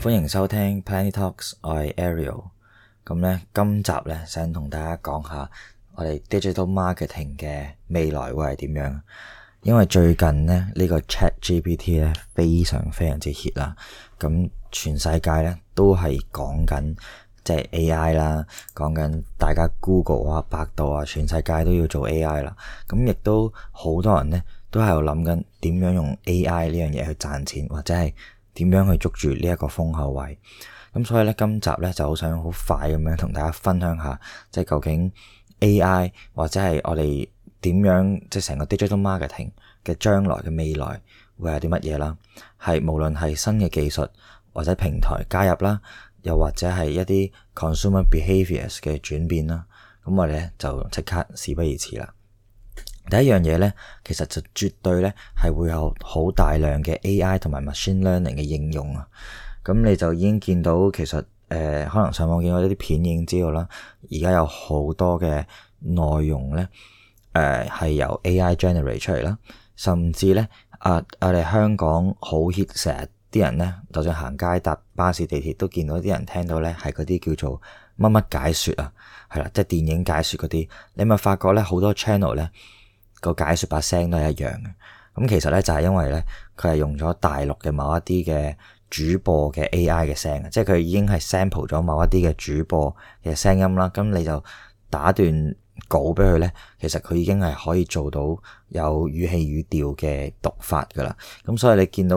歡迎收聽 Planty Talks，我係 Ariel。咁咧，今集咧想同大家講下我哋 digital marketing 嘅未來會係點樣。因為最近咧呢個 Chat GPT 咧非常非常之 hit 啦。咁全世界咧都係講緊即係 AI 啦，講緊大家 Google 啊、百度啊，全世界都要做 AI 啦。咁亦都好多人咧都喺度諗緊點樣用 AI 呢樣嘢去賺錢，或者係。點樣去捉住呢一個風口位？咁所以呢，今集呢就好想好快咁樣同大家分享下，即係究竟 A.I. 或者係我哋點樣即係成個 digital marketing 嘅將來嘅未來會有啲乜嘢啦？係無論係新嘅技術或者平台加入啦，又或者係一啲 consumer behaviors 嘅轉變啦，咁我哋呢，就即刻事不宜遲啦。第一樣嘢咧，其實就絕對咧係會有好大量嘅 A.I. 同埋 machine learning 嘅應用啊。咁你就已經見到其實誒、呃，可能上網見到一啲片已經知道啦。而家有好多嘅內容咧，誒、呃、係由 A.I. generate 出嚟啦，甚至咧啊，我、啊、哋香港好 hit，成日啲人咧，就算行街搭巴士、地鐵都見到啲人聽到咧係嗰啲叫做乜乜解説啊，係啦，即係電影解説嗰啲。你咪發覺咧，好多 channel 咧。個解説把聲都係一樣嘅，咁其實咧就係因為咧，佢係用咗大陸嘅某一啲嘅主播嘅 AI 嘅聲，即係佢已經係 sample 咗某一啲嘅主播嘅聲音啦。咁你就打段稿俾佢咧，其實佢已經係可以做到有語氣語調嘅讀法噶啦。咁所以你見到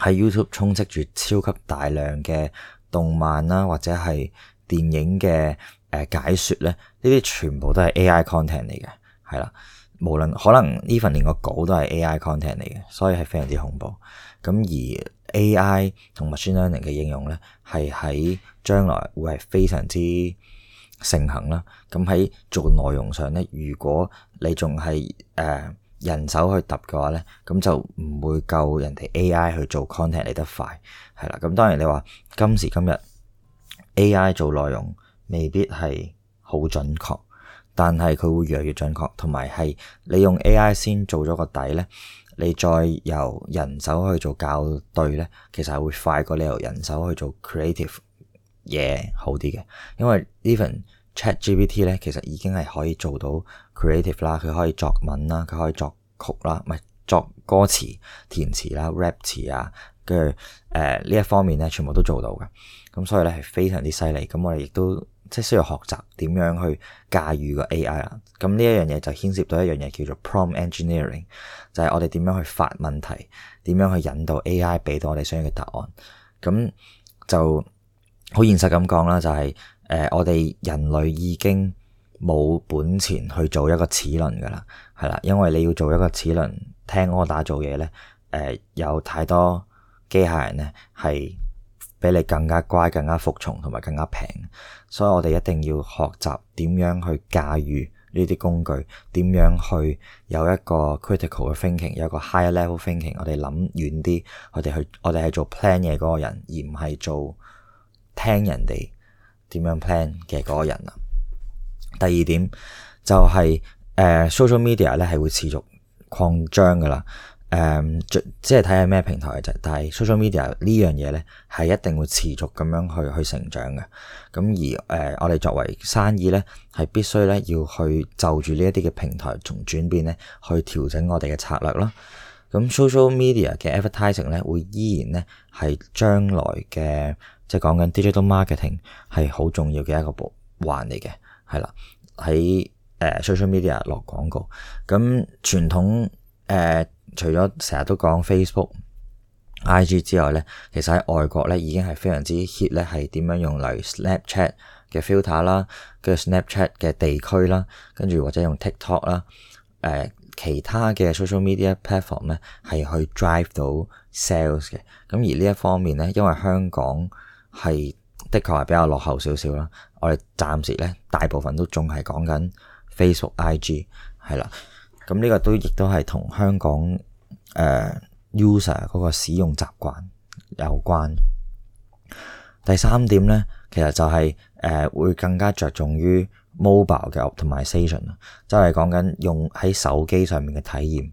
喺 YouTube 充斥住超級大量嘅動漫啦，或者係電影嘅誒解説咧，呢啲全部都係 AI content 嚟嘅，係啦。無論可能呢份連個稿都係 AI content 嚟嘅，所以係非常之恐怖。咁而 AI 同 machine learning 嘅應用咧，係喺將來會係非常之盛行啦。咁喺做內容上咧，如果你仲係誒人手去揼嘅話咧，咁就唔會夠人哋 AI 去做 content 嚟得快，係啦。咁當然你話今時今日 AI 做內容未必係好準確。但係佢會越嚟越準確，同埋係你用 AI 先做咗個底咧，你再由人手去做校對咧，其實係會快過你由人手去做 creative 嘢好啲嘅，因為 even ChatGPT 咧其實已經係可以做到 creative 啦，佢可以作文啦，佢可以作曲啦，唔係作歌詞、填詞啦、rap 詞啊，跟住誒呢一方面咧，全部都做到嘅，咁所以咧係非常之犀利。咁我哋亦都，即係需要學習點樣去駕馭個 AI 啦，咁呢一樣嘢就牽涉到一樣嘢叫做 prompt engineering，就係我哋點樣去發問題，點樣去引導 AI 俾到我哋想要嘅答案。咁就好現實咁講啦，就係、是、誒、呃、我哋人類已經冇本錢去做一個齒輪噶啦，係啦，因為你要做一個齒輪聽 order 做嘢咧，誒、呃、有太多機械人咧係。俾你更加乖、更加服從同埋更加平，所以我哋一定要學習點樣去駕馭呢啲工具，點樣去有一個 critical 嘅 thinking，有一個 higher level thinking 我。我哋諗遠啲，我哋去，我哋係做 plan 嘅嗰個人，而唔係做聽人哋點樣 plan 嘅嗰個人啊。第二點就係誒 social media 咧係會持續擴張㗎喇。誒，即係睇下咩平台嘅啫。但係 social media 呢樣嘢咧，係一定會持續咁樣去去成長嘅。咁而誒，我哋作為生意咧，係必須咧要去就住呢一啲嘅平台從轉變咧，去調整我哋嘅策略咯。咁 social media 嘅 advertising 咧，會依然咧係將來嘅，即係講緊 digital marketing 係好重要嘅一個部環嚟嘅，係啦。喺誒 social media 落廣告，咁傳統。誒、呃，除咗成日都講 Facebook、IG 之外咧，其實喺外國咧已經係非常之 hit 咧，係點樣用嚟 Snapchat 嘅 filter 啦，跟住 Snapchat 嘅地區啦，跟住或者用 TikTok、ok，啦、呃，誒其他嘅 social media platform 咧係去 drive 到 sales 嘅。咁而呢一方面咧，因為香港係的確係比較落後少少啦，我哋暫時咧大部分都仲係講緊 Facebook、IG 係啦。咁呢個都亦都係同香港誒、呃、user 嗰個使用習慣有關。第三點呢，其實就係、是、誒、呃、會更加着重於 mobile 嘅 optimisation，就係講緊用喺手機上面嘅體驗。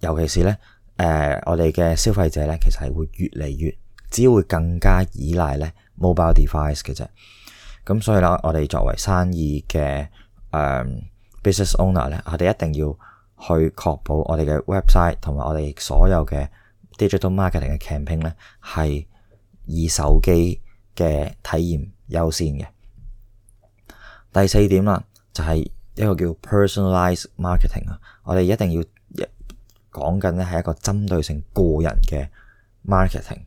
尤其是呢，誒、呃、我哋嘅消費者呢，其實係會越嚟越只會更加依賴呢 mobile device 嘅啫。咁所以啦，我哋作為生意嘅誒、呃、business owner 呢，我哋一定要，去確保我哋嘅 website 同埋我哋所有嘅 digital marketing 嘅 campaign 咧，係以手機嘅體驗優先嘅。第四點啦，就係一個叫 personalized marketing 啊，我哋一定要講緊咧係一個針對性個人嘅 marketing，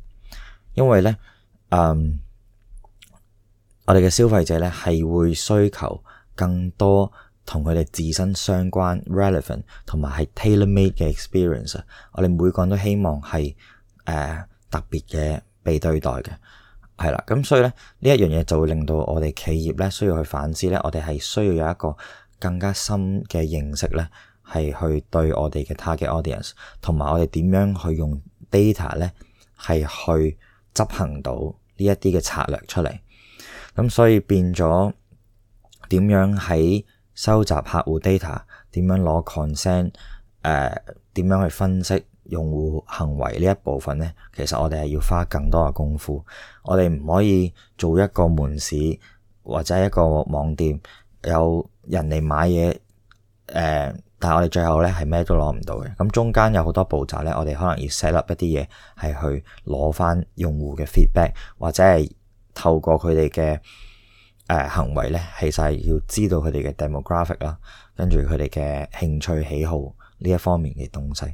因為咧，嗯，我哋嘅消費者咧係會需求更多。同佢哋自身相關 relevant，同埋係 tailor-made 嘅 experience，我哋每個人都希望係誒、呃、特別嘅被對待嘅，係啦。咁所以咧，呢一樣嘢就會令到我哋企業咧需要去反思咧，我哋係需要有一個更加深嘅認識咧，係去對我哋嘅 target audience，同埋我哋點樣去用 data 咧，係去執行到呢一啲嘅策略出嚟。咁所以變咗點樣喺，收集客戶 data，點樣攞 consent？誒、呃、點樣去分析用戶行為呢一部分呢？其實我哋係要花更多嘅功夫。我哋唔可以做一個門市或者一個網店，有人嚟買嘢，誒、呃，但係我哋最後呢係咩都攞唔到嘅。咁中間有好多步驟呢，我哋可能要 set up 一啲嘢，係去攞翻用戶嘅 feedback，或者係透過佢哋嘅。誒、呃、行為咧，其實係要知道佢哋嘅 demographic 啦，跟住佢哋嘅興趣喜好呢一方面嘅東西。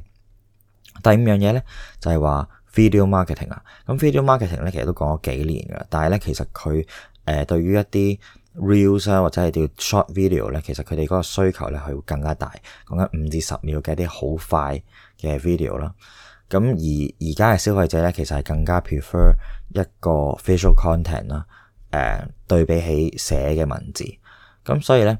第五樣嘢咧，就係、是、話 video marketing 啊。咁 video marketing 咧，其實都講咗幾年噶啦，但係咧其實佢誒、呃、對於一啲 reels、啊、或者係叫 short video 咧，其實佢哋嗰個需求咧係會更加大。講緊五至十秒嘅一啲好快嘅 video 啦。咁而而家嘅消費者咧，其實係更加 prefer 一個 visual content 啦。誒，對比起寫嘅文字，咁所以咧，誒、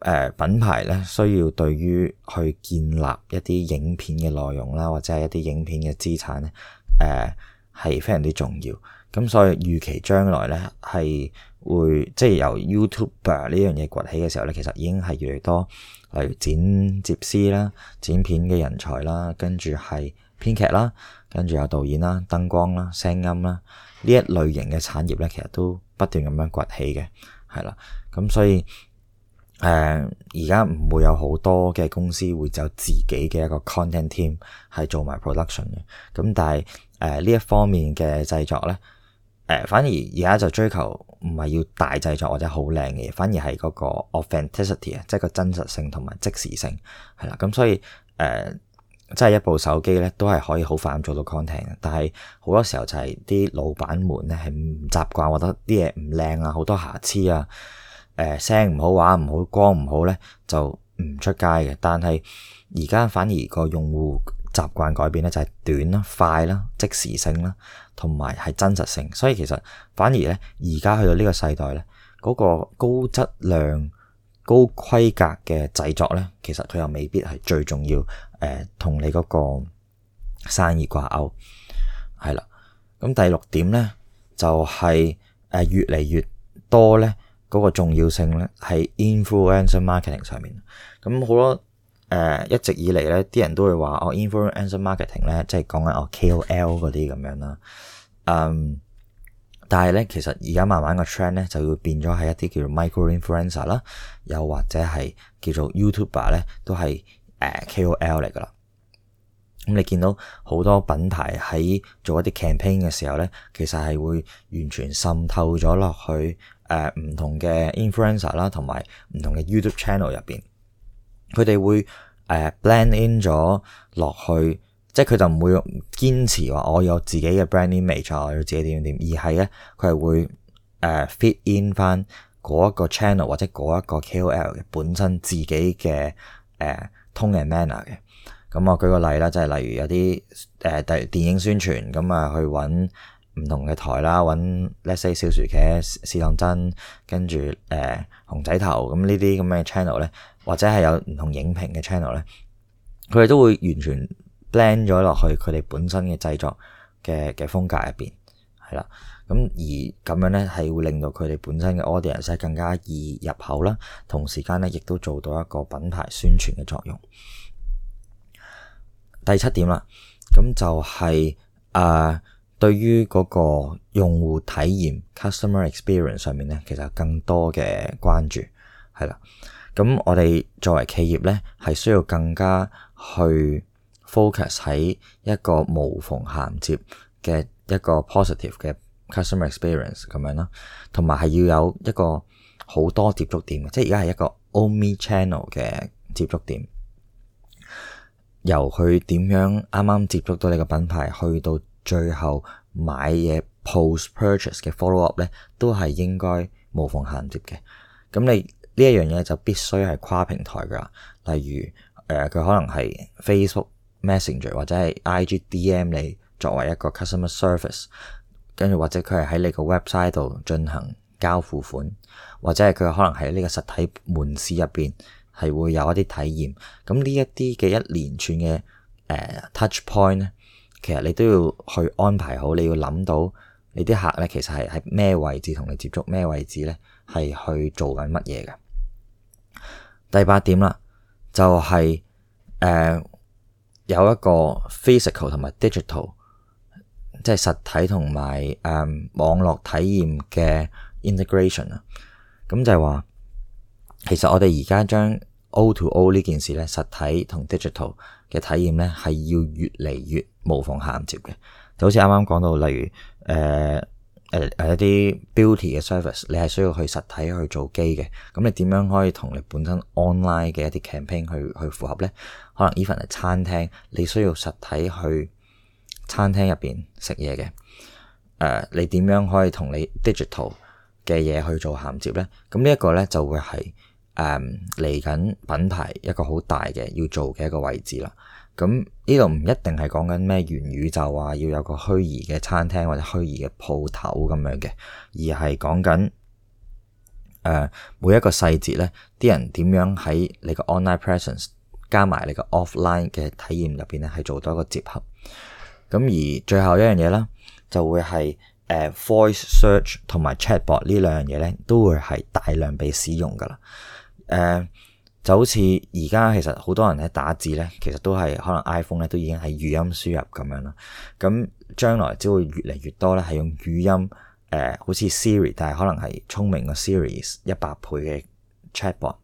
呃，品牌咧需要對於去建立一啲影片嘅內容啦，或者係一啲影片嘅資產咧，誒、呃，係非常之重要。咁所以預期將來咧係會，即係由 YouTuber 呢樣嘢崛起嘅時候咧，其實已經係越嚟越多例如剪接師啦、剪片嘅人才啦，跟住係編劇啦。跟住有導演啦、燈光啦、聲音啦，呢一類型嘅產業咧，其實都不斷咁樣崛起嘅，係啦。咁所以誒，而家唔會有好多嘅公司會就自己嘅一個 content team 係做埋 production 嘅。咁但係誒呢一方面嘅製作咧，誒、呃、反而而家就追求唔係要大製作或者好靚嘅嘢，反而係嗰個 authenticity 啊，即係個真實性同埋即時性係啦。咁所以誒。呃即係一部手機咧，都係可以好快咁做到 content 嘅。但係好多時候就係啲老闆們咧，係唔習慣，覺得啲嘢唔靚啊，好多瑕疵啊，誒聲唔好話，唔好光唔好咧，就唔出街嘅。但係而家反而個用戶習慣改變咧，就係、是、短啦、快啦、即時性啦，同埋係真實性。所以其實反而咧，而家去到呢個世代咧，嗰、那個高質量。高規格嘅製作呢，其實佢又未必係最重要。誒、呃，同你嗰個生意掛鈎，係啦。咁第六點呢，就係、是、誒越嚟越多呢嗰、那個重要性呢，喺 influencer marketing 上面。咁好多誒、呃、一直以嚟呢啲人都會話哦 influencer marketing 呢，即係講緊哦 KOL 嗰啲咁樣啦。嗯。但係咧，其實而家慢慢個 trend 咧，就會變咗係一啲叫做 micro influencer 啦，又或者係叫做 YouTuber 咧，都係誒 KOL 嚟噶啦。咁你見到好多品牌喺做一啲 campaign 嘅時候咧，其實係會完全滲透咗落去誒唔同嘅 influencer 啦，同埋唔同嘅 YouTube channel 入邊，佢哋會誒 blend in 咗落去。即係佢就唔會堅持話我有自己嘅 branding image，我要自己點點，而係咧佢係會誒 fit in 翻嗰一個 channel 或者嗰一個 KOL 嘅本身自己嘅誒 tone and manner 嘅。咁我舉個例啦，就係、是、例如有啲誒第電影宣傳咁啊，去揾唔同嘅台啦，揾 Let's say 小薯茄、試當真，跟住誒熊仔頭咁呢啲咁嘅 channel 咧，這這 channel，或者係有唔同影評嘅 channel 咧，佢哋都會完全。blend 咗落去佢哋本身嘅製作嘅嘅風格入邊，係啦。咁而咁樣咧，係會令到佢哋本身嘅 audience 更加易入口啦。同時間咧，亦都做到一個品牌宣傳嘅作用。第七點啦，咁就係、是、啊、呃，對於嗰個用戶體驗 customer experience 上面咧，其實更多嘅關注係啦。咁我哋作為企業咧，係需要更加去。focus 喺一個無縫銜接嘅一個 positive 嘅 customer experience 咁樣啦，同埋係要有一個好多接觸點嘅，即係而家係一個 omni channel 嘅接觸點。由佢點樣啱啱接觸到你個品牌，去到最後買嘢 post purchase 嘅 follow up 咧，都係應該無縫銜接嘅。咁你呢一樣嘢就必須係跨平台㗎喇，例如誒佢、呃、可能係 Facebook。Messenger 或者係 IGDM，你作為一個 customer service，跟住或者佢係喺你個 website 度進行交付款，或者係佢可能喺呢個實體門市入邊係會有一啲體驗。咁呢一啲嘅一連串嘅誒、uh, touch point 咧，其實你都要去安排好，你要諗到你啲客咧，其實係喺咩位置同你接觸，咩位置咧係去做緊乜嘢嘅。第八點啦，就係、是、誒。Uh, 有一個 physical 同埋 digital，即係實體同埋誒網絡體驗嘅 integration 啊，咁就係話，其實我哋而家將 O to O 呢件事咧，實體同 digital 嘅體驗咧，係要越嚟越無縫銜接嘅，就好似啱啱講到，例如誒。呃誒誒一啲 beauty 嘅 service，你係需要去實體去做機嘅，咁你點樣可以同你本身 online 嘅一啲 campaign 去去符合咧？可能 even 係餐廳，你需要實體去餐廳入邊食嘢嘅。誒，你點樣可以同你 digital 嘅嘢去做銜接咧？咁呢一個咧就會係誒嚟緊品牌一個好大嘅要做嘅一個位置啦。咁呢度唔一定係講緊咩元宇宙啊，要有個虛擬嘅餐廳或者虛擬嘅鋪頭咁樣嘅，而係講緊誒每一個細節咧，啲人點樣喺你個 online presence 加埋你個 offline 嘅體驗入邊咧，係做多一個接合。咁而最後一樣嘢咧，就會係誒、呃、voice search 同埋 chatbot 呢兩樣嘢咧，都會係大量被使用噶啦，誒、呃。就好似而家其實好多人喺打字咧，其實都係可能 iPhone 咧都已經係語音輸入咁樣啦。咁將來只會越嚟越多咧，係用語音誒、呃，好似 Siri，但係可能係聰明過 Siri 一百倍嘅 Chatbot、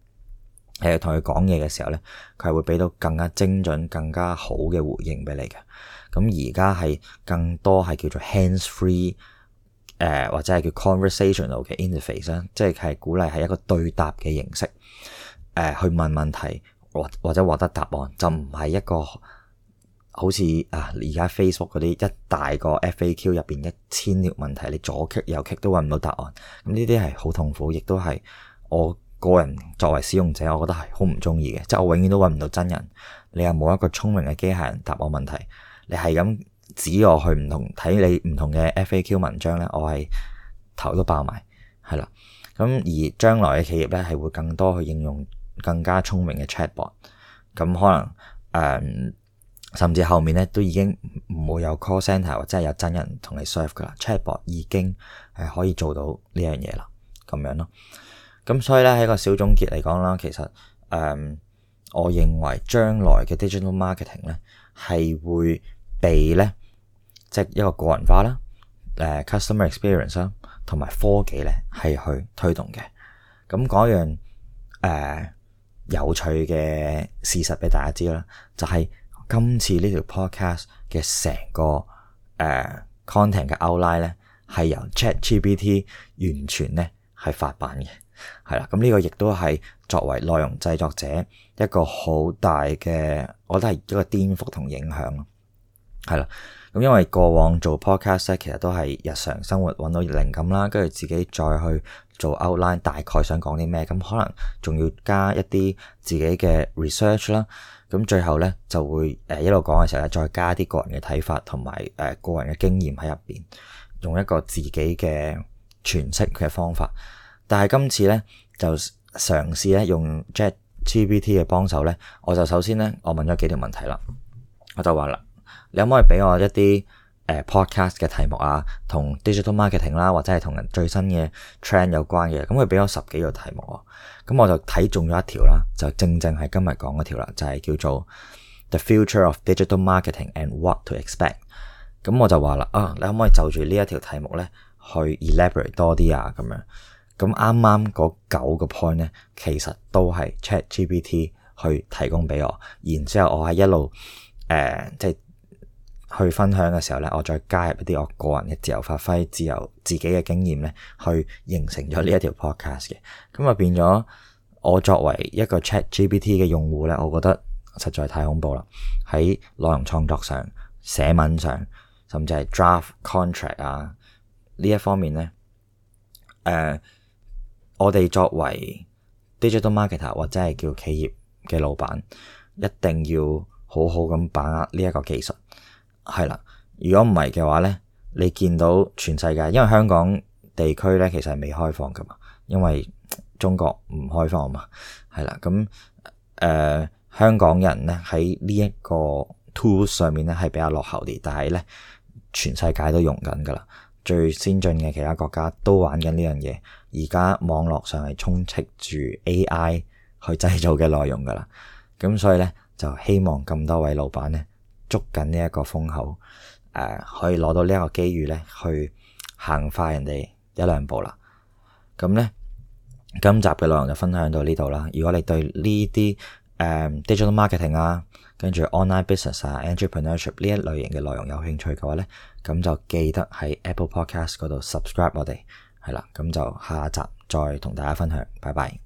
呃。誒，同佢講嘢嘅時候咧，佢係會俾到更加精準、更加好嘅回應俾你嘅。咁而家係更多係叫做 hands-free 誒、呃，或者係叫 conversational 嘅 interface 啦，即係係鼓勵係一個對答嘅形式。誒，去問問題或或者獲得答案，就唔係一個好似啊而家 Facebook 嗰啲，一大個 FAQ 入邊一千條問題，你左 click 右 click 都揾唔到答案。呢啲係好痛苦，亦都係我個人作為使用者，我覺得係好唔中意嘅。即係我永遠都揾唔到真人，你又冇一個聰明嘅機械人答我問題，你係咁指我去唔同睇你唔同嘅 FAQ 文章呢，我係頭都爆埋，係啦。咁而將來嘅企業呢，係會更多去應用。更加聰明嘅 chatbot，咁可能誒、嗯，甚至後面咧都已經唔會有 call centre 或者係有真人同你 serve 噶啦，chatbot 已經係可以做到呢樣嘢啦，咁樣咯。咁所以咧喺個小總結嚟講啦，其實誒、嗯，我認為將來嘅 digital marketing 咧係會被咧，即、就、係、是、一個個人化啦，誒、呃、customer experience 啦，同埋科技咧係去推動嘅。咁樣、呃有趣嘅事實俾大家知啦，就係、是、今次條、uh, 呢條 podcast 嘅成個誒 content 嘅 outline 咧，係由 ChatGPT 完全咧係發辦嘅，係啦，咁、這、呢個亦都係作為內容製作者一個好大嘅，我覺得係一個顛覆同影響咯。係啦，咁因為過往做 podcast 咧，其實都係日常生活揾到靈感啦，跟住自己再去做 outline，大概想講啲咩，咁可能仲要加一啲自己嘅 research 啦，咁最後咧就會誒一路講嘅時候咧，再加啲個人嘅睇法同埋誒個人嘅經驗喺入邊，用一個自己嘅詮釋嘅方法。但係今次咧就嘗試咧用 ChatGPT 嘅幫手咧，我就首先咧我問咗幾條問題啦，我就話啦。你可唔可以俾我一啲誒 podcast 嘅題目啊？同 digital marketing 啦、啊，或者係同人最新嘅 trend 有關嘅，咁佢俾我十幾個題目，咁我就睇中咗一條啦，就正正係今日講嗰條啦，就係、是、叫做 The Future of Digital Marketing and What to Expect。咁我就話啦，啊，你可唔可以就住呢一條題目咧去 elaborate 多啲啊？咁樣，咁啱啱嗰九個 point 咧，其實都係 Chat GPT 去提供俾我，然之後我係一路誒即係。呃就是去分享嘅時候咧，我再加入一啲我個人嘅自由發揮、自由自己嘅經驗咧，去形成咗呢一條 podcast 嘅咁啊，變咗我作為一個 ChatGPT 嘅用戶咧，我覺得實在太恐怖啦。喺內容創作上、寫文上，甚至係 draft contract 啊呢一方面咧，誒、呃，我哋作為 digital marketer 或者係叫企業嘅老闆，一定要好好咁把握呢一個技術。係啦，如果唔係嘅話咧，你見到全世界，因為香港地區咧其實係未開放噶嘛，因為中國唔開放嘛，係啦，咁誒、呃、香港人咧喺呢一個 tool 上面咧係比較落後啲，但係咧全世界都用緊噶啦，最先進嘅其他國家都玩緊呢樣嘢，而家網絡上係充斥住 AI 去製造嘅內容噶啦，咁所以咧就希望咁多位老闆咧。捉緊呢一個風口，誒可以攞到呢一個機遇咧，去行快人哋一兩步啦。咁咧，今集嘅內容就分享到呢度啦。如果你對呢啲誒 Digital Marketing 啊，跟住 Online Business 啊，Entrepreneurship 呢一類型嘅內容有興趣嘅話咧，咁就記得喺 Apple Podcast 嗰度 subscribe 我哋，係啦，咁就下一集再同大家分享。拜拜。